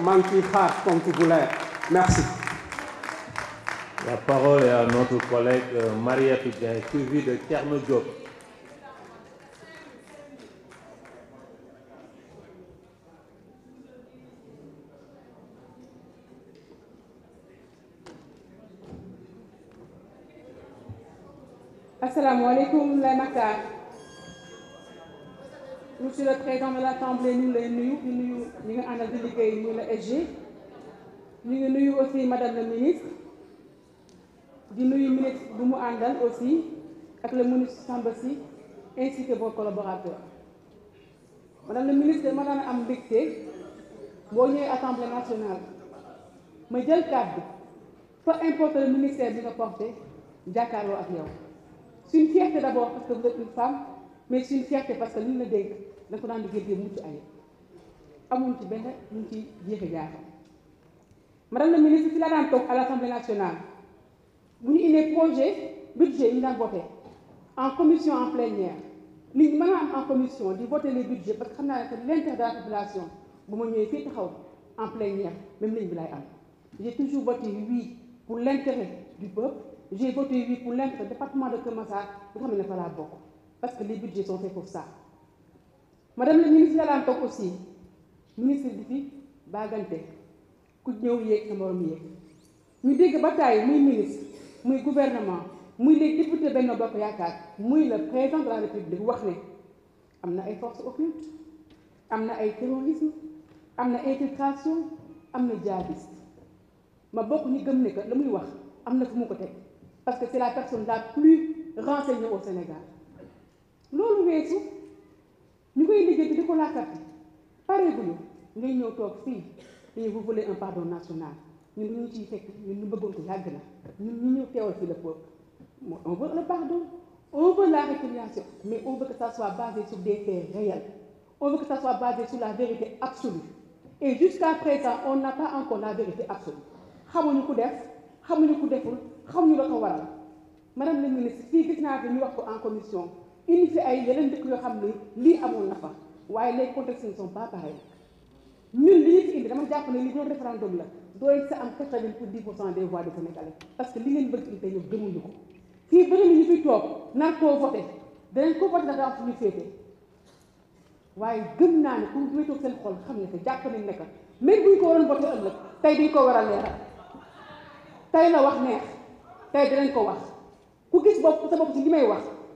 man pas comme tu voulais. merci. La parole est à notre collègue euh, Maria Pidien, suivie de Thierno Diop. alaikum, lay monsieur le président de l'assemblée nous les nous nous, nous, nuyu ñi nga nous SG nous aussi madame la ministre nous, sommes ministre bu mu aussi avec le ministre Sambassi, ainsi que vos collaborateurs madame la ministre Madame daan am êtes boo ñëwee assemblée nationale ma jël cadre. peu importe le ministère bi nga porté jàkkaarloo ak yow une d'abord parce que vous êtes une femme mais c'est une fierté parce que nous, la dénk da ko daan liggéey bi mucc ayib amuñ ci benn ñu ci madame la ministre si la daan à l'Assemblée nationale bu ñu indee projet budget ñu daan voté en commission en plénière li ñu en commission di voté les budget parce que xam l'intérêt de la population bu ma ñëwee en plénière même bi am j'ai toujours voté oui pour l'intérêt du peuple j'ai voté oui pour l'intérêt du département de Keur nga ne fa laa bokk parce que les budgets sont faits pour ça. Madame la ministre elle a aussi ministre de la baagante qui ñëw yéeg sa morom yéeg ñu dégg ministre muy gouvernement muy les députés Benno Bokk le président de la République wax y amna des ay forces occultes un ay terrorisme amna infiltration amna na ma ñu gëm que wax parce que c'est la personne la plus renseignée au Sénégal loolu weesu ñu koy liggéey di ko làkkati pareeguñu ngay ñëw toog fii dañu vous voulez un pardon national ñun ñu ciy fekk ñun ñu bëggoon ko yàgg na ñun ñu ñëw teewal fii le peuple on veut le pardon on veut la réconciliation mais on veut que ça soit basé sur des faits réels on veut que ça soit basé sur la vérité absolue et jusqu'à présent on n'a pas encore la vérité absolue xamuñu ku def xamuñu ku deful xamuñu la ko waral madame la ministre fii gis naa fi ñu wax ko en commission indi fi ay yeneen dëkk yoo xam ne lii amoon na fa waaye les contextes ne sont pas pareils ñun li ñu fi indi dama jàpp ne li doon référendum la doon sa am quatre-vingt-dix pour cent des voix de Sénégalais parce que li ngeen bëgg indi tey ñoom gëmuñu ko fii bëri na ñu fi toog naan koo voté danañ ko voté dafa am fu ñu féete waaye gëm naa ne pour ñu toog seen xol xam ne que jàpp nañ ne que même bu ñu ko waroon voté ëllëg tey dañ ko war a leeral tey la wax neex tey danañ ko wax ku gis bopp sa bopp ci li may wax.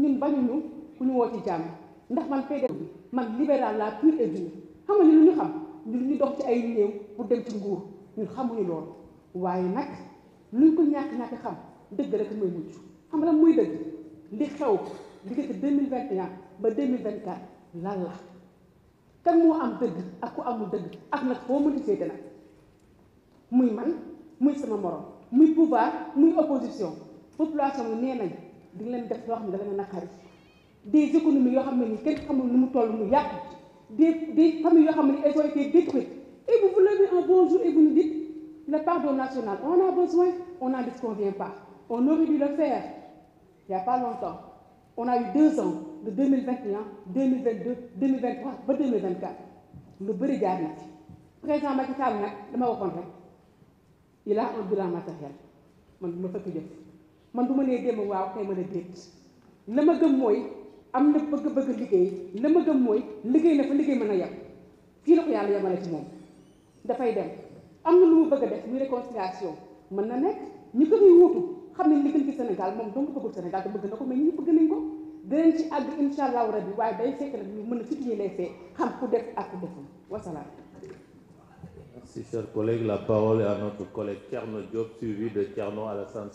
ñun bañuñu ku ñu woo ci jàmm ndax man PDS bi man libéral la pure et dure xam nga ñu ñu xam ñun ñu dox ci ay néew pour dem ci nguur ñun xamuñu loolu waaye nag luñ ko ñàkk ñàkk xam dëgg rek mooy mucc xam nga muy dëgg li xew diggante deux mille vingt et ba deux mille vingt quatre lan la kan moo am dëgg ak ku amul dëgg ak nag foo mën a nag muy man muy sama morom muy pouvoir muy opposition population bi nee nañ def des économies yoo xam ne nii kenn des des familles yoo elles ont été détruites et vous vous levez un bon jour et vous nous dites le pardon national on a besoin on n'en disconvient pas on aurait dû le faire il n'y a pas longtemps on a eu deux ans de 2021 2022 2023 2024 le bëri le président Macky Sall nag dama il a un bilan matériel man ma fekk jëf man du ma nee démb waaw tey mën a déet la ma gëm mooy am na bëgg-bëgg liggéey la ma gëm mooy liggéey na fa liggéey mën a yem fii la ko yàlla yemale ci moom dafay dem am na lu mu bëgg a def muy réconciliation mën na nekk ñu ko muy wuutu xam ne li gën ci Sénégal moom donc bëggul Sénégal te bëgg na ko mais ñi bëgg nañ ko dinañ ci àgg insha allahu rabbi waaye day fekk nag ñu mën a situer les faits xam ku def ak ku deful wasalaam Merci, cher collègue La parole est à notre collègue Tierno Diop, suivi de Tierno Alassane.